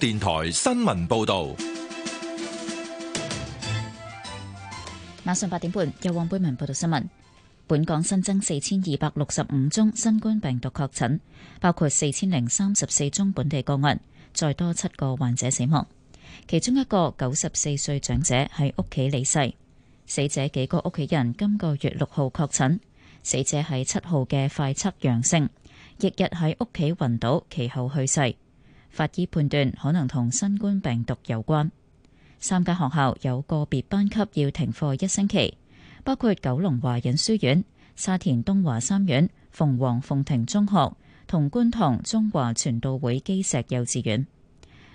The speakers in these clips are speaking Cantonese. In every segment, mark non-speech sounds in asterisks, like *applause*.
電台新聞報道，晚上八點半由黃貝文報道新聞。本港新增四千二百六十五宗新冠病毒確診，包括四千零三十四宗本地個案，再多七個患者死亡。其中一個九十四歲長者喺屋企離世。死者幾個屋企人今個月六號確診，死者喺七號嘅快測陽性，翌日喺屋企暈倒，其後去世。法醫判斷可能同新冠病毒有關。三間學校有個別班級要停課一星期，包括九龍華仁書院、沙田東華三院鳳凰鳳庭中學同觀塘中華傳道會基石幼稚園。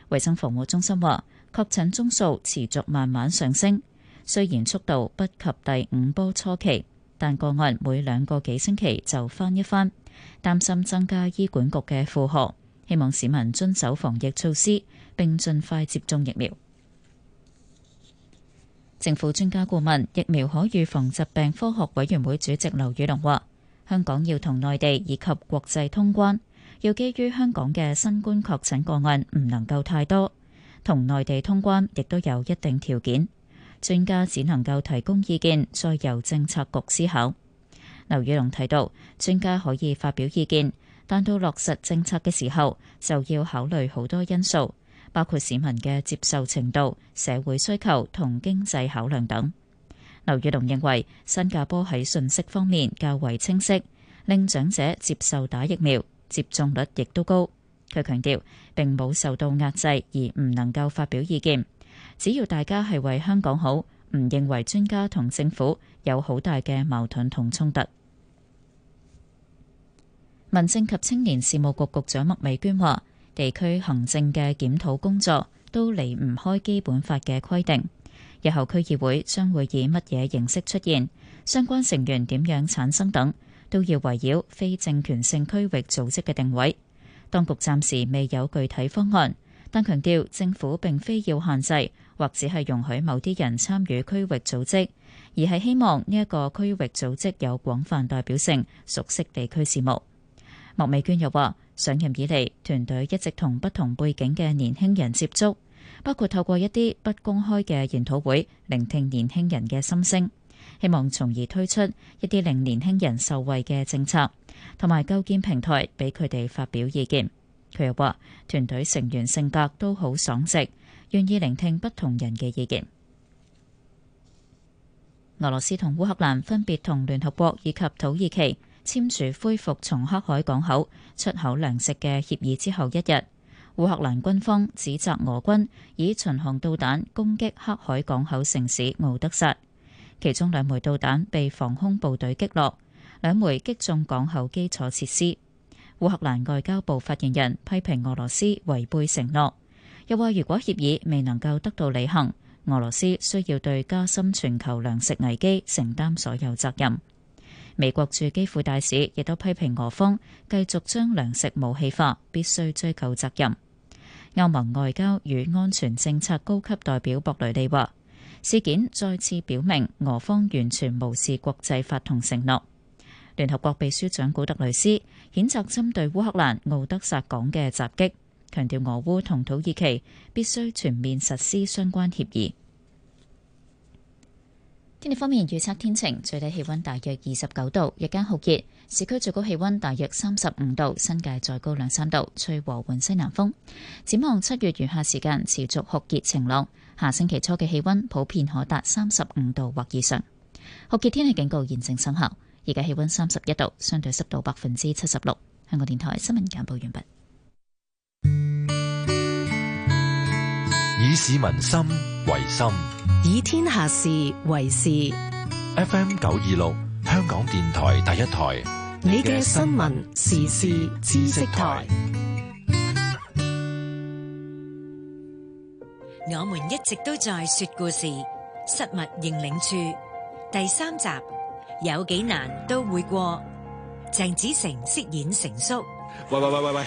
衛生防護中心話，確診宗數持續慢慢上升，雖然速度不及第五波初期，但個案每兩個幾星期就翻一番，擔心增加醫管局嘅負荷。希望市民遵守防疫措施並盡快接種疫苗。政府專家顧問疫苗可預防疾病科學委員會主席劉宇龍話，香港要同內地以及國際通關，要基於香港嘅新冠確診個案唔能夠太多。同內地通關亦都有一定條件，專家只能夠提供意見再由政策局思考。劉宇龍提到，專家可以發表意見，但到落實政策嘅時候，就要考慮好多因素，包括市民嘅接受程度、社會需求同經濟考量等。劉宇龍認為新加坡喺信息方面較為清晰，令長者接受打疫苗，接種率亦都高。佢強調並冇受到壓制而唔能夠發表意見，只要大家係為香港好，唔認為專家同政府有好大嘅矛盾同衝突。民政及青年事務局局長麥美娟話，地區行政嘅檢討工作都離唔開基本法嘅規定。日後區議會將會以乜嘢形式出現，相關成員點樣產生等，都要圍繞非政權性區域組織嘅定位。當局暫時未有具體方案，但強調政府並非要限制或者係容許某啲人參與區域組織，而係希望呢一個區域組織有廣泛代表性，熟悉地區事務。莫美娟又話，上任以嚟，團隊一直同不同背景嘅年輕人接觸，包括透過一啲不公開嘅研討會聆聽年輕人嘅心聲，希望從而推出一啲令年輕人受惠嘅政策，同埋構建平台俾佢哋發表意見。佢又話，團隊成員性格都好爽直，願意聆聽不同人嘅意見。俄羅斯同烏克蘭分別同聯合國以及土耳其簽署恢復從黑海港口出口糧食嘅協議之後一日，烏克蘭軍方指責俄軍以巡航導彈攻擊黑海港口城市敖德薩，其中兩枚導彈被防空部隊擊落，兩枚擊中港口基礎設施。烏克蘭外交部發言人批評俄羅斯違背承諾，又話如果協議未能夠得到履行，俄羅斯需要對加深全球糧食危機承擔所有責任。美國駐基輔大使亦都批評俄方繼續將糧食武器化，必須追究責任。歐盟外交與安全政策高級代表博雷利話：事件再次表明俄方完全無視國際法同承諾。聯合國秘書長古特雷斯譴責針對烏克蘭敖德薩港嘅襲擊，強調俄烏同土耳其必須全面實施相關協議。天氣方面預測天晴，最低氣溫大約二十九度，日間酷熱，市區最高氣溫大約三十五度，新界再高兩三度，吹和緩西南風。展望七月餘下時間持續酷熱晴朗，下星期初嘅氣溫普遍可達三十五度或以上，酷熱天氣警告現正生效。而家氣溫三十一度，相對濕度百分之七十六。香港電台新聞簡報完畢。以市民心為心。以天下事為事。FM 九二六香港電台第一台，你嘅新聞時事知識台。我們一直都在說故事。失物認領處第三集，有幾難都會過。鄭子誠飾演成叔。喂喂喂喂喂！喂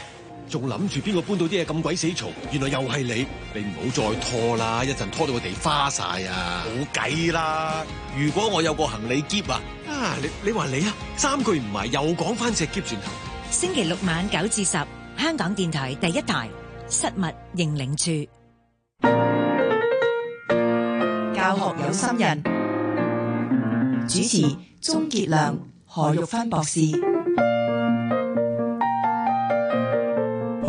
仲諗住邊個搬到啲嘢咁鬼死嘈，原來又係你！你唔好再拖啦，一陣拖到個地花晒啊！冇計啦！如果我有個行李篋啊，啊！你你話你啊，三句唔係，又講翻隻篋轉頭。星期六晚九至十，香港電台第一台失物認領處。教學有心人，嗯、主持鍾傑良、何玉芬博，博士。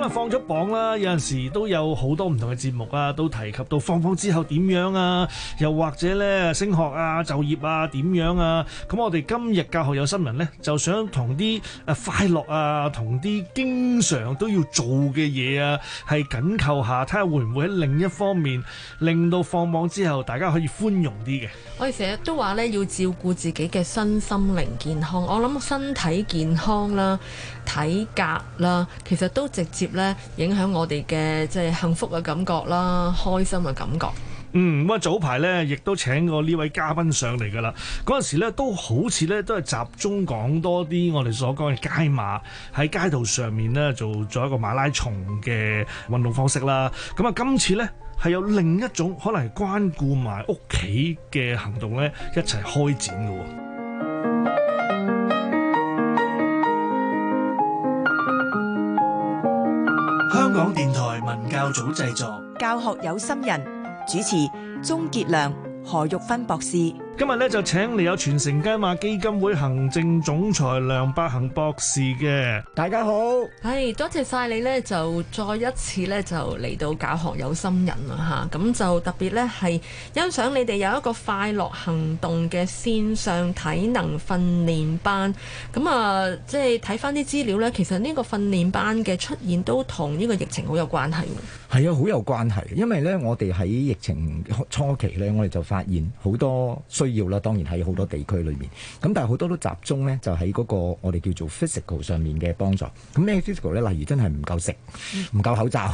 咁放咗榜啦，有陣時都有好多唔同嘅節目啊，都提及到放榜之後點樣啊，又或者咧升學啊、就業啊點樣啊？咁我哋今日教學有新聞咧，就想同啲誒快樂啊，同啲經常都要做嘅嘢啊，係緊扣下，睇下會唔會喺另一方面令到放榜之後大家可以寬容啲嘅。我哋成日都話咧，要照顧自己嘅身心靈健康。我諗身體健康啦、體格啦，其實都直接。咧影響我哋嘅即係幸福嘅感覺啦，開心嘅感覺。嗯，咁啊，早排咧亦都請過呢位嘉賓上嚟㗎喇。嗰陣時咧都好似咧都係集中講多啲我哋所講嘅街馬喺街道上面咧做咗一個馬拉松嘅運動方式啦。咁、嗯、啊，今次咧係有另一種可能係關顧埋屋企嘅行動咧一齊開展㗎喎。香港電台文教組製作，教學有心人主持，鍾杰良何玉芬博士。今日咧就請嚟有全城街馬基金會行政總裁梁百行博士嘅，大家好，係多謝晒你呢，就再一次呢，就嚟到教學有心人啦吓，咁就特別呢，係欣賞你哋有一個快樂恆動嘅線上體能訓練班，咁啊即係睇翻啲資料呢，其實呢個訓練班嘅出現都同呢個疫情好有關係嘅，係啊，好有關係，因為呢，我哋喺疫情初期呢，我哋就發現好多。需要啦，當然喺好多地區裏面，咁但係好多都集中呢，就喺嗰個我哋叫做 physical 上面嘅幫助。咁咩 physical 呢？例如真係唔夠食、唔夠口罩、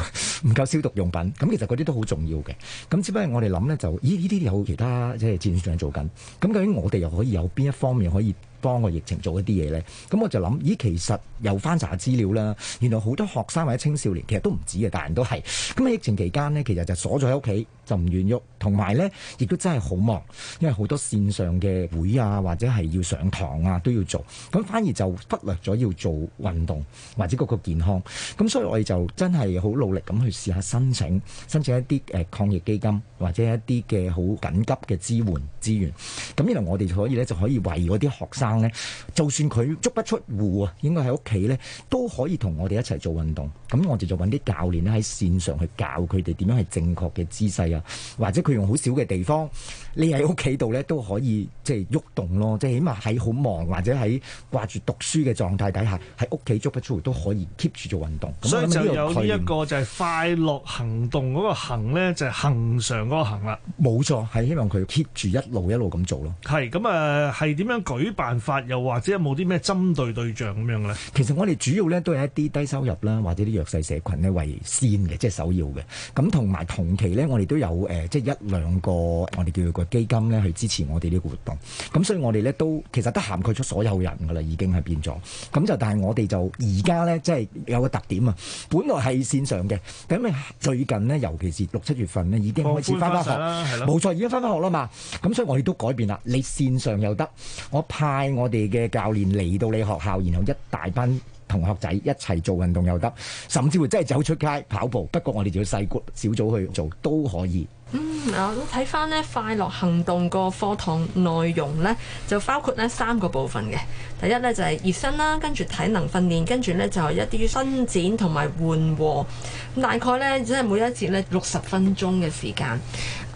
唔夠消毒用品，咁其實嗰啲都好重要嘅。咁只不過我哋諗呢，就咦呢啲有其他即係、就是、戰場做緊，咁究竟我哋又可以有邊一方面可以幫個疫情做一啲嘢呢，咁我就諗，咦，其實又翻查資料啦，原來好多學生或者青少年其實都唔止嘅，大人都係。咁啊，疫情期間呢，其實就鎖咗喺屋企，就唔願喐，同埋呢，亦都真係好忙，因為好多線上嘅會啊，或者係要上堂啊都要做，咁反而就忽略咗要做運動或者嗰個健康。咁所以我哋就真係好努力咁去試下申請申請一啲誒抗疫基金或者一啲嘅好緊急嘅支援資源。咁原來我哋就可以呢，就可以為嗰啲學生咧，就算佢足不出戶啊，應該喺屋企咧都可以同我哋一齊做運動。咁我哋就揾啲教練咧喺線上去教佢哋點樣係正確嘅姿勢啊，或者佢用好少嘅地方。你喺屋企度咧都可以即係喐動咯，即係起碼喺好忙或者喺掛住讀書嘅狀態底下，喺屋企捉得足都可以 keep 住做運動。所以就有呢一個，個就係快樂恆動嗰個恆咧，就係恆、恆常嗰個恆啦。冇錯，係希望佢 keep 住一路一路咁做咯。係咁誒，係點、呃、樣舉辦法？又或者有冇啲咩針對對象咁樣咧？其實我哋主要咧都係一啲低收入啦，或者啲弱勢社群咧為先嘅，即、就、係、是、首要嘅。咁同埋同期咧，我哋都有誒，即、呃、係一兩個我哋叫做個。基金咧去支持我哋呢個活動，咁所以我哋咧都其實都涵蓋咗所有人噶啦，已經係變咗。咁就但係我哋就而家咧，即係有個特點啊，本來係線上嘅，咁最近呢，尤其是六七月份呢，已經開始翻返學，冇錯，已經翻返學啦嘛。咁所以我哋都改變啦，你線上又得，我派我哋嘅教練嚟到你學校，然後一大班同學仔一齊做運動又得，甚至乎真係走出街跑步。不過我哋就要細 group 小組去做都可以。嗯，啊咁睇翻，呢快樂行動個課堂內容呢，就包括呢三個部分嘅。第一呢，就係熱身啦，跟住體能訓練，跟住呢，就係一啲伸展同埋緩和。大概呢，只係每一節呢，六十分鐘嘅時間。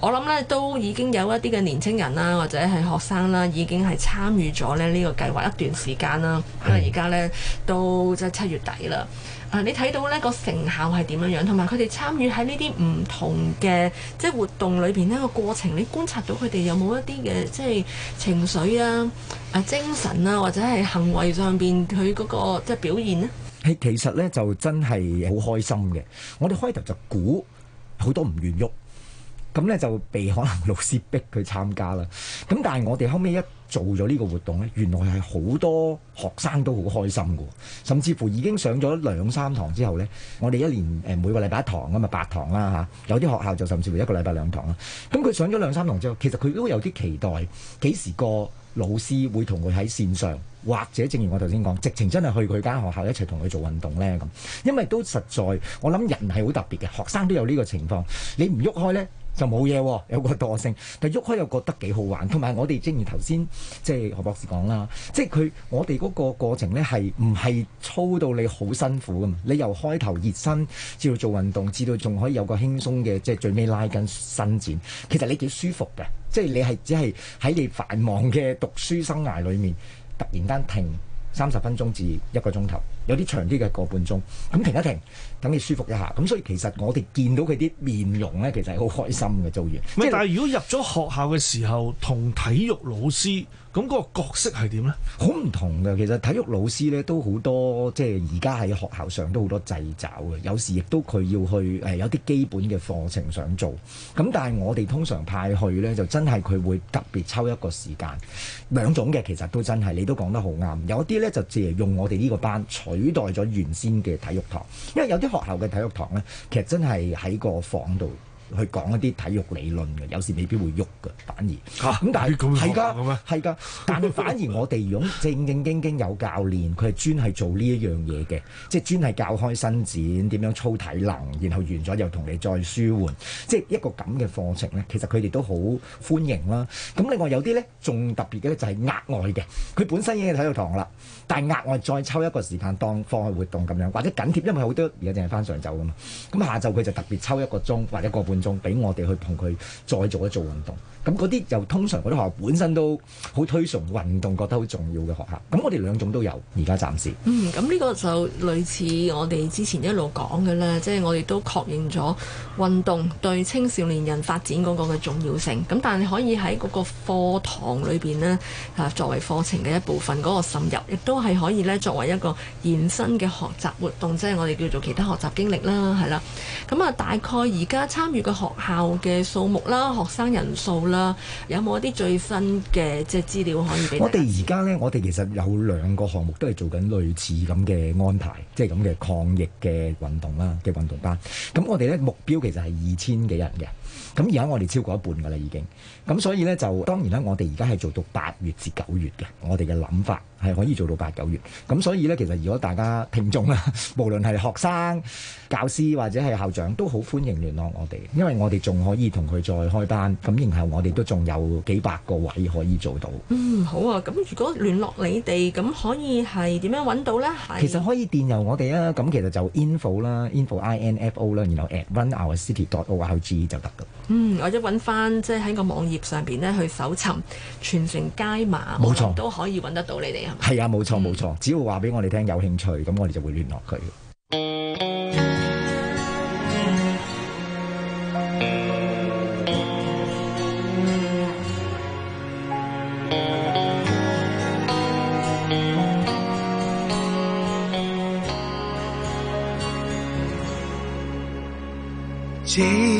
我諗咧都已經有一啲嘅年青人啦，或者係學生啦，已經係參與咗咧呢個計劃一段時間啦。咁啊、嗯，而家咧都即係七月底啦。啊，你睇到呢個成效係點樣樣，同埋佢哋參與喺呢啲唔同嘅即係活動裏邊呢個過程，你觀察到佢哋有冇一啲嘅即係情緒啊、啊精神啊，或者係行為上邊佢嗰個即係表現呢？係其實咧就真係好開心嘅。我哋開頭就估好多唔願喐。咁呢就被可能老師逼佢參加啦。咁但係我哋後尾一做咗呢個活動呢，原來係好多學生都好開心㗎。甚至乎已經上咗兩三堂之後呢，我哋一年誒每個禮拜一堂㗎嘛，八堂啦嚇。有啲學校就甚至乎一個禮拜兩堂啦。咁佢上咗兩三堂之後，其實佢都有啲期待幾時個老師會同佢喺線上，或者正如我頭先講，直情真係去佢間學校一齊同佢做運動呢。咁，因為都實在我諗人係好特別嘅，學生都有呢個情況，你唔喐開呢？就冇嘢，有個惰性，但喐開又覺得幾好玩。同埋我哋正如頭先即係何博士講啦，即係佢我哋嗰個過程咧，係唔係操到你好辛苦㗎嘛？你由開頭熱身至到做運動，至到仲可以有個輕鬆嘅，即係最尾拉筋伸展。其實你幾舒服嘅，即係你係只係喺你繁忙嘅讀書生涯裏面，突然間停三十分鐘至一個鐘頭。有啲長啲嘅個半鐘，咁停一停，等你舒服一下。咁所以其實我哋見到佢啲面容呢，其實係好開心嘅。做完，嗯就係、但係如果入咗學校嘅時候，同體育老師咁嗰個角色係點呢？好唔同嘅。其實體育老師呢，都好多，即係而家喺學校上都好多掣肘嘅。有時亦都佢要去、呃、有啲基本嘅課程想做。咁但係我哋通常派去呢，就真係佢會特別抽一個時間。兩種嘅其實都真係，你都講得好啱。有啲呢，就借用我哋呢個班取代咗原先嘅體育堂，因為有啲學校嘅體育堂呢，其實真係喺個房度。去講一啲體育理論嘅，有時未必會喐㗎，反而咁但係係㗎，係㗎，但係反而我哋用正正經經有教練，佢係專係做呢一樣嘢嘅，即係專係教開伸展點樣操體能，然後完咗又同你再舒緩，即一個咁嘅課程呢，其實佢哋都好歡迎啦。咁另外有啲呢，仲特別嘅就係額外嘅，佢本身已經係體育堂啦，但係額外再抽一個時間當課外活動咁樣，或者緊貼，因為好多而家淨係翻上晝㗎嘛，咁下晝佢就特別抽一個鐘或者個半。仲俾我哋去同佢再做一做運動，咁嗰啲就通常嗰啲學校本身都好推崇運動，覺得好重要嘅學校。咁我哋兩種都有，而家暫時嗯，咁呢個就類似我哋之前一路講嘅啦，即係我哋都確認咗運動對青少年人發展嗰個嘅重要性。咁但係可以喺嗰個課堂裏邊咧，吓啊作為課程嘅一部分嗰個滲入，亦都係可以咧作為一個延伸嘅學習活動，即係我哋叫做其他學習經歷啦，係啦。咁啊，大概而家參與。學校嘅數目啦，學生人數啦，有冇一啲最新嘅即係資料可以俾我哋？而家咧，我哋其實有兩個項目都係做緊類似咁嘅安排，即係咁嘅抗疫嘅運動啦，嘅運動班。咁我哋咧目標其實係二千幾人嘅。咁而家我哋超過一半噶啦，已經咁，所以呢就當然啦，我哋而家係做到八月至九月嘅，我哋嘅諗法係可以做到八九月。咁所以呢，其實如果大家聽眾啊，無論係學生、教師或者係校長，都好歡迎聯絡我哋，因為我哋仲可以同佢再開班。咁然後我哋都仲有幾百個位可以做到。嗯，好啊。咁如果聯絡你哋，咁可以係點樣揾到呢？其實可以電郵我哋啊。咁其實就 info 啦，info i n f o 啦，然後 at runourcity dot o r g 就得。嗯，或者揾翻即係喺個網頁上邊呢，去搜尋全城街馬，冇錯錯，可都可以揾得到你哋係嘛？係啊，冇錯冇錯，嗯、只要話俾我哋聽有興趣，咁我哋就會聯絡佢。 *music*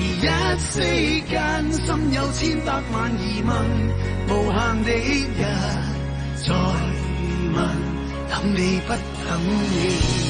而一息間，心有千百萬疑問，無限地一再問，等你不等你。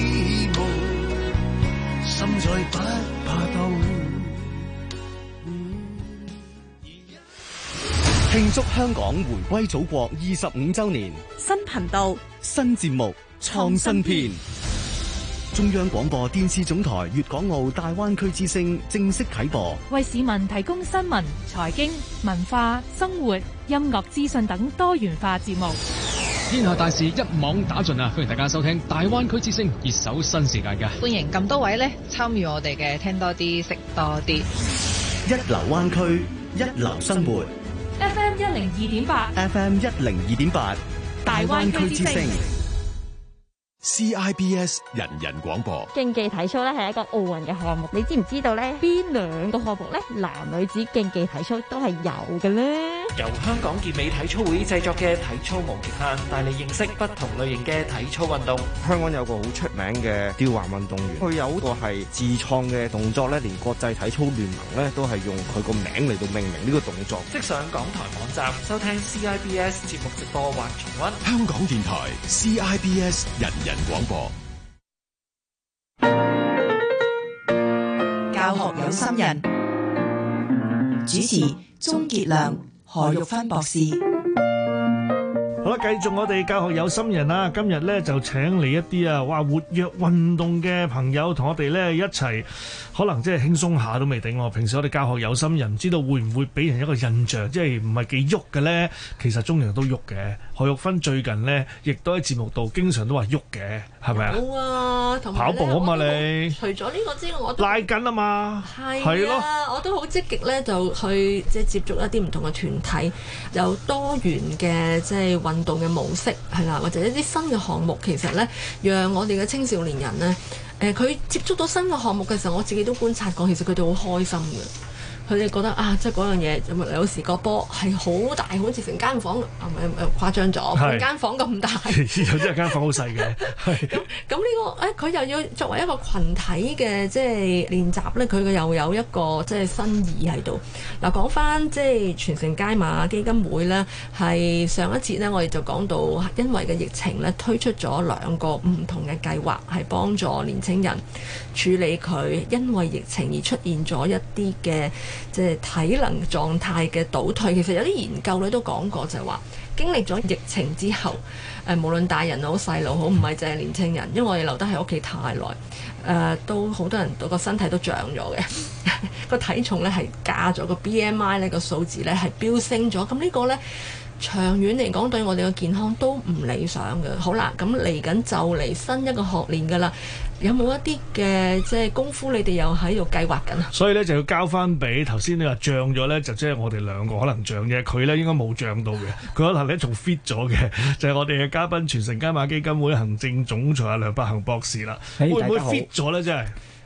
祝香港回歸祖國二十五週年！新頻道、新節目、創新篇，中央廣播電視總台粵港澳大灣區之聲正式啟播，為市民提供新聞、財經、文化、生活、音樂資訊等多元化節目。天下大事一網打盡啊！歡迎大家收聽大灣區之聲，熱搜新世界噶。歡迎咁多位咧參與我哋嘅聽多啲，食多啲，一流灣區，一流生活。一零二點八，FM 一零二點八，大灣區之聲，CIBS 人人廣播。競技體操咧係一個奧運嘅項目，你知唔知道咧？邊兩個項目咧？男女子競技體操都係有嘅咧。由香港健美體操會製作嘅體操無極限，帶你認識不同類型嘅體操運動。香港有個好出名嘅吊環運動員，佢有個係自創嘅動作咧，連國際體操聯盟咧都係用佢個名嚟到命名呢個動作。即上港台網站收聽 CIBS 節目直播或重溫。香港電台 CIBS 人人廣播，教學有心人，主持鍾杰亮。何玉芬博士。繼續我哋教學有心人啊！今日咧就請嚟一啲啊，話活躍運動嘅朋友同我哋咧一齊，可能即係輕鬆下都未定喎。平時我哋教學有心人，唔知道會唔會俾人一個印象，即係唔係幾喐嘅咧？其實中陽都喐嘅，何玉芬最近咧亦都喺節目度經常都話喐嘅，係咪啊？好啊，同埋你跑步啊嘛，你除咗呢個之外，我都拉筋啊嘛，係啊，我都好積極咧，就去即係接觸一啲唔同嘅團體，有多元嘅即係運動嘅模式係啦，或者一啲新嘅項目，其實呢，讓我哋嘅青少年人呢，誒、呃，佢接觸到新嘅項目嘅時候，我自己都觀察過，其實佢哋好開心嘅。佢哋覺得啊，即係嗰樣嘢有時個波係好大，好似成間房啊！唔係、啊、誇張咗，成是間房咁大。其實 *laughs* 真係間房好細嘅。咁呢 *laughs* 是、這個誒，佢、哎、又要作為一個群體嘅即係練習呢，佢又有一個即係新意喺度嗱。講翻即係全城街馬基金會呢，係上一次呢，我哋就講到因為嘅疫情咧，推出咗兩個唔同嘅計劃，係幫助年青人處理佢因為疫情而出現咗一啲嘅，即係體能狀態嘅倒退，其實有啲研究咧都講過就是說，就係話經歷咗疫情之後，誒、呃、無論大人好細路好，唔係淨係年青人，因為我哋留得喺屋企太耐，誒、呃、都好多人到個身體都脹咗嘅，個 *laughs* 體重咧係加咗，個 BMI 呢個數字咧係飆升咗，咁呢個咧。長遠嚟講，對我哋嘅健康都唔理想嘅。好啦，咁嚟緊就嚟新一個學年噶啦，有冇一啲嘅即係功夫，你哋又喺度計劃緊啊？所以咧就要交翻俾頭先你話漲咗咧，就即係我哋兩個可能漲嘅，佢咧應該冇漲到嘅，佢 *laughs* 可能咧仲 fit 咗嘅，就係我哋嘅嘉賓，全城街馬基金會行政總裁阿梁百行博士啦。Hey, 會唔會 fit 咗咧？即係、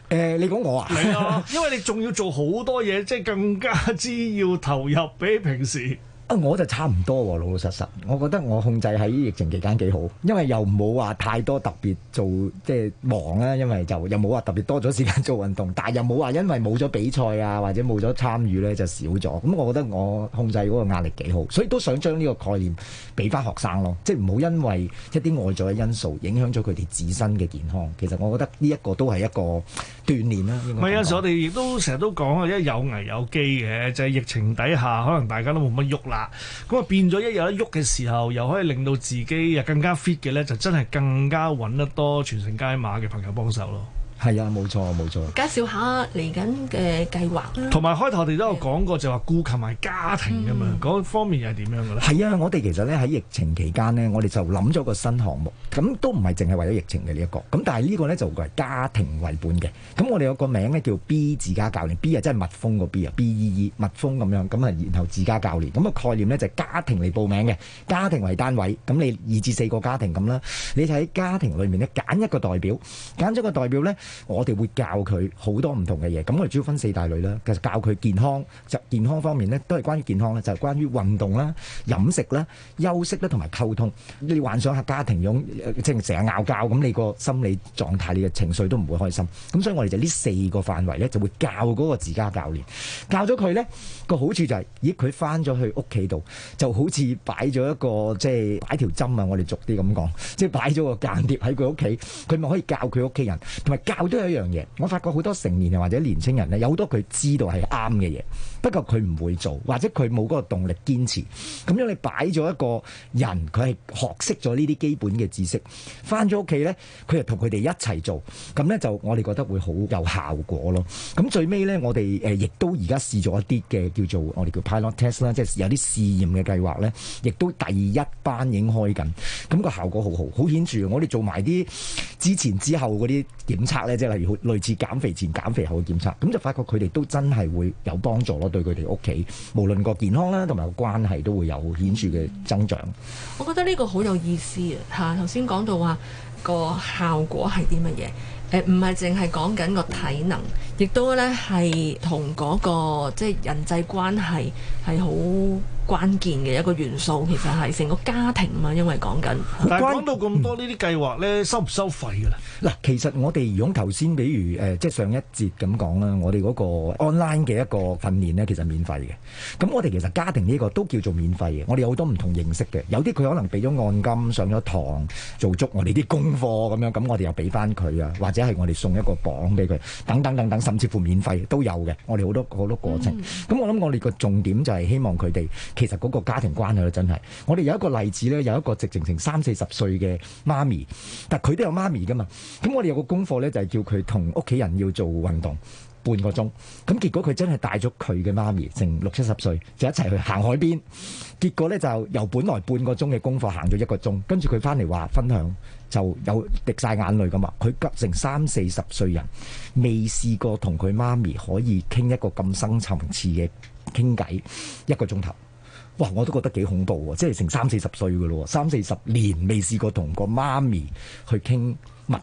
呃、你講我啊？係啊， *laughs* 因為你仲要做好多嘢，即係更加之要投入俾平時。啊！我就差唔多老老實實，我覺得我控制喺疫情期間幾好，因為又冇話太多特別做即係忙啦，因為就又冇話特別多咗時間做運動，但係又冇話因為冇咗比賽啊或者冇咗參與咧就少咗。咁我覺得我控制嗰個壓力幾好，所以都想將呢個概念俾翻學生咯，即係唔好因為一啲外在嘅因素影響咗佢哋自身嘅健康。其實我覺得呢一個這是都係一個鍛煉啦。唔係啊，所以我哋亦都成日都講啊，因為有危有機嘅，就係、是、疫情底下可能大家都冇乜喐啦。咁啊，變咗一有得喐嘅時候，又可以令到自己啊更加 fit 嘅咧，就真係更加揾得多全城街馬嘅朋友幫手咯。係啊，冇錯冇錯。錯介紹下嚟緊嘅計劃啦。同埋開頭我哋都有講過，就話顧及埋家庭㗎嘛，嗰、嗯、方面又係點樣㗎咧？係啊，我哋其實咧喺疫情期間呢，我哋就諗咗個新項目，咁都唔係淨係為咗疫情嘅呢一個，咁但係呢個咧就係、是、家庭為本嘅。咁我哋有個名咧叫 B 自家教練，B 啊真係蜜蜂個 B 啊，B E E 蜜蜂咁樣，咁啊然後自家教練，咁、那個概念咧就係、是、家庭嚟報名嘅，家庭為單位，咁你二至四個家庭咁啦，你就喺家庭裏面咧揀一個代表，揀咗個代表咧。我哋會教佢好多唔同嘅嘢，咁我哋主要分四大類啦。其實教佢健康，就健康方面呢，都係關於健康啦，就係關於運動啦、飲食啦、休息啦，同埋溝通。你幻想下家庭樣，即係成日拗交，咁你個心理狀態、你嘅情緒都唔會開心。咁所以我哋就呢四個範圍呢，就會教嗰個自家教練。教咗佢呢，個好處就係，咦，佢翻咗去屋企度，就好似擺咗一個即係擺條針啊！我哋逐啲咁講，即係擺咗個間諜喺佢屋企，佢咪可以教佢屋企人同埋教。都有一樣嘢，我發覺好多成年人或者年青人咧，有好多佢知道係啱嘅嘢，不過佢唔會做，或者佢冇嗰個動力堅持。咁樣你擺咗一個人，佢係學識咗呢啲基本嘅知識，翻咗屋企咧，佢就同佢哋一齊做，咁咧就我哋覺得會好有效果咯。咁最尾咧，我哋誒亦都而家試咗一啲嘅叫做我哋叫 pilot test 啦，即係有啲試驗嘅計劃咧，亦都第一班已經開緊，咁個效果好好，好顯著。我哋做埋啲之前之後嗰啲檢測。即係例如類似減肥前、減肥後嘅檢查，咁就發覺佢哋都真係會有幫助咯，對佢哋屋企無論個健康啦，同埋個關係都會有顯著嘅增長，嗯。我覺得呢個好有意思啊！吓，頭先講到話個效果係啲乜嘢？誒、呃，唔係淨係講緊個體能。亦都咧係同嗰個即係人際關係係好關鍵嘅一個元素，其實係成個家庭嘛，因為講緊。但係講到咁多呢啲計劃咧，收唔收費㗎啦？嗱，其實我哋如果頭先，比如誒，即係上一節咁講啦，我哋嗰個 online 嘅一個訓練咧，其實免費嘅。咁我哋其實家庭呢個都叫做免費嘅，我哋有好多唔同形式嘅，有啲佢可能俾咗按金上咗堂，做足我哋啲功課咁樣，咁我哋又俾翻佢啊，或者係我哋送一個榜俾佢，等等等等。甚至乎免費都有嘅，我哋好多好多過程。咁、mm hmm. 我諗我哋個重點就係希望佢哋其實嗰個家庭關係，真係我哋有一個例子呢，有一個直情成三四十歲嘅媽咪，但佢都有媽咪噶嘛。咁我哋有個功課呢，就係、是、叫佢同屋企人要做運動。半個鐘，咁結果佢真係帶咗佢嘅媽咪，成六七十歲，就一齊去行海邊。結果呢，就由本來半個鐘嘅功課行咗一個鐘，跟住佢翻嚟話分享，就有滴晒眼淚㗎嘛！佢急成三四十歲人，未試過同佢媽咪可以傾一個咁深層次嘅傾偈一個鐘頭。哇！我都覺得幾恐怖啊！即係成三四十歲噶咯，三四十年未試過同個媽咪去傾。物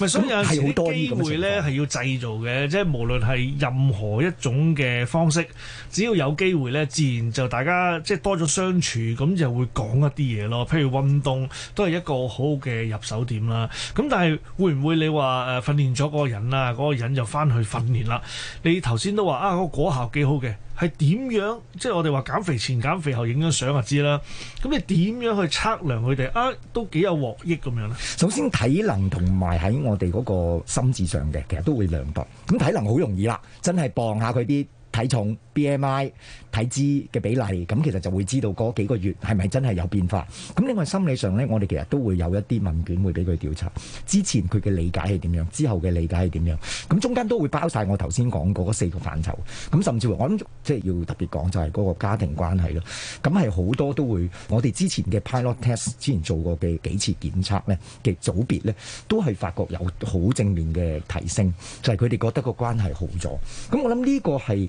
咪所以有好多機會呢係要製造嘅，即係無論係任何一種嘅方式，只要有機會呢，自然就大家即係多咗相處，咁就會講一啲嘢咯。譬如運動都係一個好嘅入手點啦。咁但係會唔會你話誒訓練咗嗰個人啊，嗰個人就翻去訓練啦？你頭先都話啊，個果效幾好嘅。係點樣？即係我哋話減肥前、減肥後影咗相就知啦。咁你點樣去測量佢哋啊？都幾有獲益咁樣咧。首先體能同埋喺我哋嗰個心智上嘅，其實都會量度。咁體能好容易啦，真係磅下佢啲體重 BMI。體脂嘅比例，咁其實就會知道嗰幾個月係咪真係有變化。咁另外心理上呢，我哋其實都會有一啲問卷會俾佢調查，之前佢嘅理解係點樣，之後嘅理解係點樣。咁中間都會包晒我頭先講嗰四個範疇。咁甚至乎我諗即係要特別講就係嗰個家庭關係囉。咁係好多都會，我哋之前嘅 pilot test 之前做過嘅幾次檢測呢，嘅組別呢，都係發覺有好正面嘅提升，就係佢哋覺得個關係好咗。咁我諗呢個係。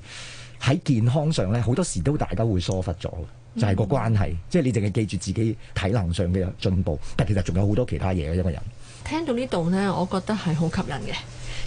喺健康上咧，好多時都大家會疏忽咗，就係、是、個關係。嗯、即係你淨係記住自己體能上嘅進步，但其實仲有好多其他嘢嘅一個人。聽到呢度咧，我覺得係好吸引嘅。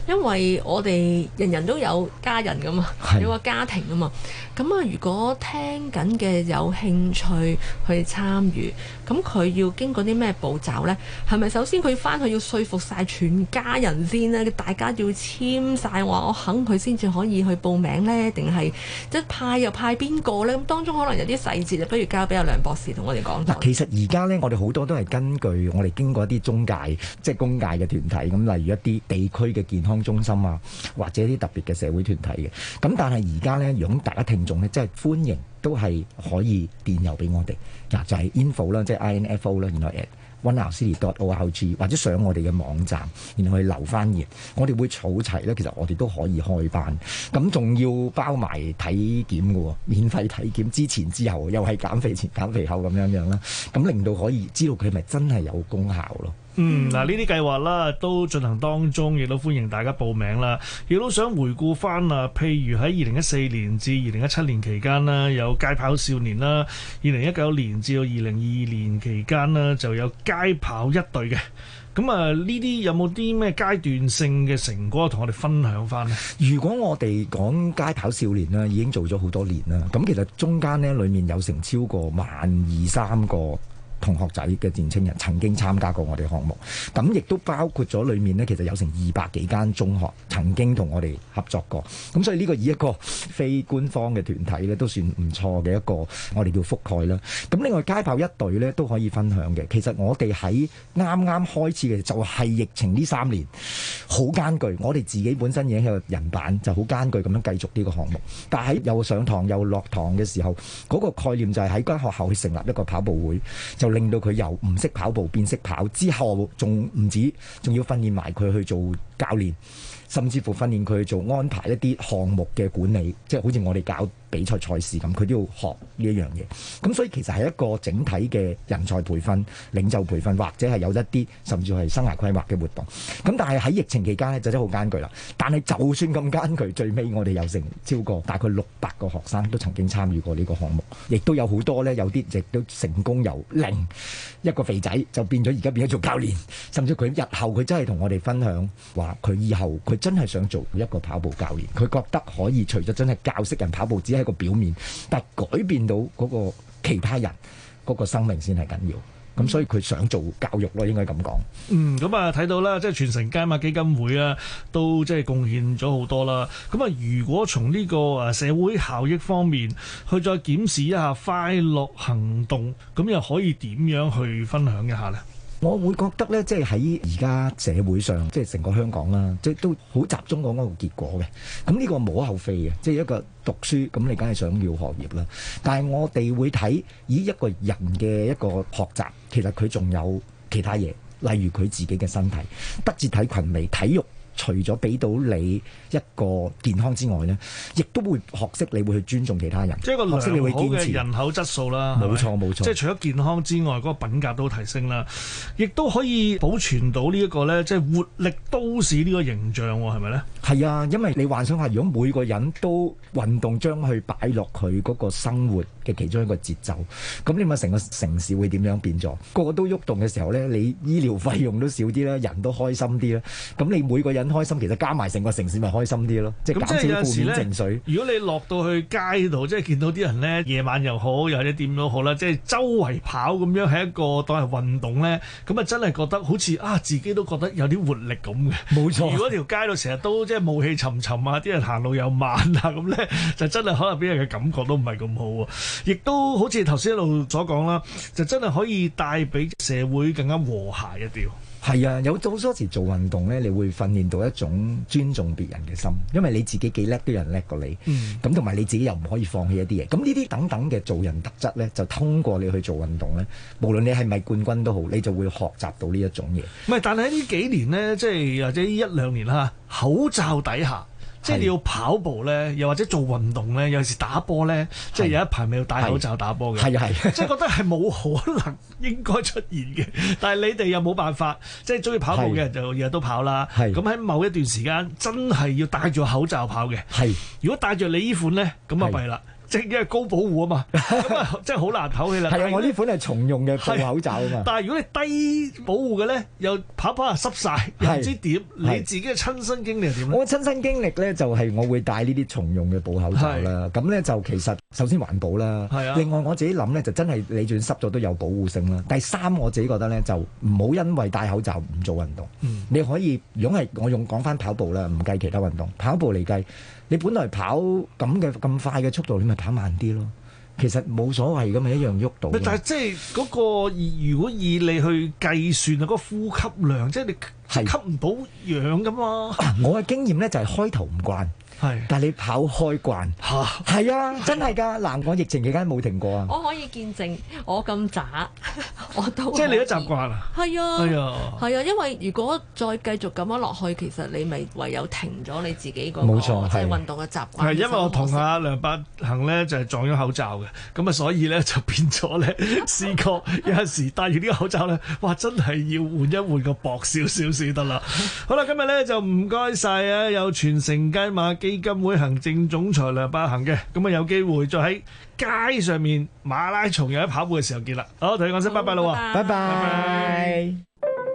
因為我哋人人都有家人噶嘛，是有個家庭噶嘛，咁啊如果聽緊嘅有興趣去參與，咁佢要經過啲咩步驟呢？係咪首先佢返去要說服曬全家人先呢？大家要簽曬話我肯佢先至可以去報名呢？定係即派又派邊個呢？咁當中可能有啲細節啊，不如交俾阿梁博士同我哋講。嗱，其實而家呢，我哋好多都係根據我哋經過一啲中介，即係公介嘅團體，咁例如一啲地區嘅健康中心啊，或者啲特別嘅社會團體嘅，咁但係而家呢，如果大家聽眾呢，即係歡迎都係可以電郵俾我哋，嗱，就係 info 啦，即係 info 啦，然後 at runourcity.org 或者上我哋嘅網站，然後去留翻熱，我哋會儲齊呢，其實我哋都可以開班，咁仲要包埋體檢嘅喎，免費體檢之前之後，又係減肥前、減肥後咁樣樣啦，咁令到可以知道佢咪真係有功效咯。嗯，嗱，呢啲計劃啦，都進行當中，亦都歡迎大家報名啦。亦都想回顧翻啊，譬如喺二零一四年至二零一七年期間啦，有街跑少年啦；二零一九年至到二零二二年期間啦，就有街跑一隊嘅。咁啊，呢啲有冇啲咩階段性嘅成果同我哋分享翻呢？如果我哋講街跑少年啦，已經做咗好多年啦。咁其實中間呢，裏面有成超過萬二三個。同學仔嘅年青人曾經參加過我哋項目，咁亦都包括咗裏面呢。其實有成二百幾間中學曾經同我哋合作過，咁所以呢個以一個非官方嘅團體呢，都算唔錯嘅一個我哋叫覆蓋啦。咁另外街跑一隊呢，都可以分享嘅。其實我哋喺啱啱開始嘅就係、是、疫情呢三年好艱巨，我哋自己本身已經喺人版，就好艱巨咁樣繼續呢個項目，但係喺又上堂又落堂嘅時候，嗰、那個概念就係喺間學校去成立一個跑步會就。令到佢由唔識跑步變識跑，之後仲唔止，仲要訓練埋佢去做教練，甚至乎訓練佢去做安排一啲項目嘅管理，即係好似我哋搞。比賽賽事咁，佢都要學呢一樣嘢，咁所以其實係一個整體嘅人才培訓、領袖培訓，或者係有一啲甚至係生涯規劃嘅活動。咁但係喺疫情期間咧，就真係好艱巨啦。但係就算咁艱巨，最尾我哋有成超過大概六百個學生都曾經參與過呢個項目，亦都有好多咧，有啲亦都成功由零一個肥仔就變咗而家變咗做教練，甚至佢日後佢真係同我哋分享話佢以後佢真係想做一個跑步教練，佢覺得可以除咗真係教識人跑步之外。一個表面，但改變到嗰個其他人嗰個生命先係緊要，咁所以佢想做教育咯，應該咁講。嗯，咁啊睇到啦，即係全城街馬基金會啊，都即係貢獻咗好多啦。咁啊，如果從呢個啊社會效益方面去再檢視一下快樂恆動，咁又可以點樣去分享一下呢？我會覺得呢，即係喺而家社會上，即係成個香港啦，即係都好集中嗰個結果嘅。咁呢個無可厚非嘅，即係一個讀書，咁你梗係想要學業啦。但係我哋會睇以一個人嘅一個學習，其實佢仲有其他嘢，例如佢自己嘅身體，德智體群美體育。除咗俾到你一個健康之外呢，亦都會學識你會去尊重其他人。即係個良好嘅人口質素啦，冇錯冇錯。係咪？冇錯即係除咗健康之外，嗰個品格都提升啦，亦都可以保存到呢一個呢，即係活力都市呢個形象喎，係咪呢？係啊，因為你幻想下，如果每個人都運動，將去擺落佢嗰個生活，嘅其中一個節奏，咁你咪成個城市會點樣變咗？個個都喐動嘅時候咧，你醫療費用都少啲啦，人都開心啲啦。咁你每個人開心，其實加埋成個城市咪開心啲咯，即係減少啲負面情緒。如果你落到去街度，即係見到啲人咧，夜晚又好，又或者點都好啦，即係周圍跑咁樣係一個當係運動咧，咁啊真係覺得好似啊自己都覺得有啲活力咁嘅。冇錯。如果條街度成日都即係暮氣沉沉啊，啲人行路又慢啊，咁咧就真係可能俾人嘅感覺都唔係咁好啊。亦都好似頭先一路所講啦，就真係可以帶俾社會更加和諧一啲。係啊，有好多時做運動咧，你會訓練到一種尊重別人嘅心，因為你自己幾叻，都有人叻過你。嗯。咁同埋你自己又唔可以放棄一啲嘢。咁呢啲等等嘅做人特質咧，就通過你去做運動咧，無論你係咪冠軍都好，你就會學習到呢一種嘢。唔係，但係喺呢幾年咧，即係或者呢一兩年啦，口罩底下。即係你要跑步咧，又或者做運動咧，有時打波咧，即係有一排咪要戴口罩打波嘅。係啊，係，即係覺得係冇可能應該出現嘅， *laughs* 但係你哋又冇辦法，即係中意跑步嘅人就日日都跑啦。咁喺是某一段時間真係要戴住口罩跑嘅。是如果戴住你款呢款咧，咁啊弊啦。即係高保護啊嘛，即啊係好難唞氣啦。係啊的，我呢款係重用嘅布口罩啊嘛。但係如果你低保護嘅咧，又跑跑又濕晒，又唔知點。的你自己嘅親身經歷係點咧？我嘅親身經歷咧就係，是，我會戴呢啲重用嘅布口罩啦。咁咧的就其實首先環保啦。係啊的。另外我自己諗咧就真係你就算濕咗都有保護性啦。第三我自己覺得咧就唔好因為戴口罩唔做運動。嗯、你可以如果係我用講翻跑步啦，唔計其他運動，跑步嚟計。你本來跑咁嘅咁快嘅速度，你咪跑慢啲咯。其實冇所謂咁，咪一樣喐到。但係即係嗰個，如果以你去計算嗰個呼吸量，即係你。吸唔到氧噶嘛？我嘅經驗咧就係開頭唔慣，係，但係你跑開慣，嚇，係啊，真係噶！南港疫情期間冇停過啊！我可以見證，我咁渣，我都即係你都習慣啦，係啊，係啊，因為如果再繼續咁樣落去，其實你咪唯有停咗你自己嗰個即係運動嘅習慣。係因為我同阿梁百行咧就係撞咗口罩嘅。咁啊所以咧就變咗咧試過有陣時戴住呢個口罩咧，哇！真係要換一換個薄少少。得啦， *laughs* 好啦，今日咧就唔該晒啊！有全城街馬基金會行政總裁梁百行嘅，咁啊有機會再喺街上面馬拉松又喺跑步嘅時候見啦，好，同你講聲拜拜咯！好拜拜。Bye bye bye bye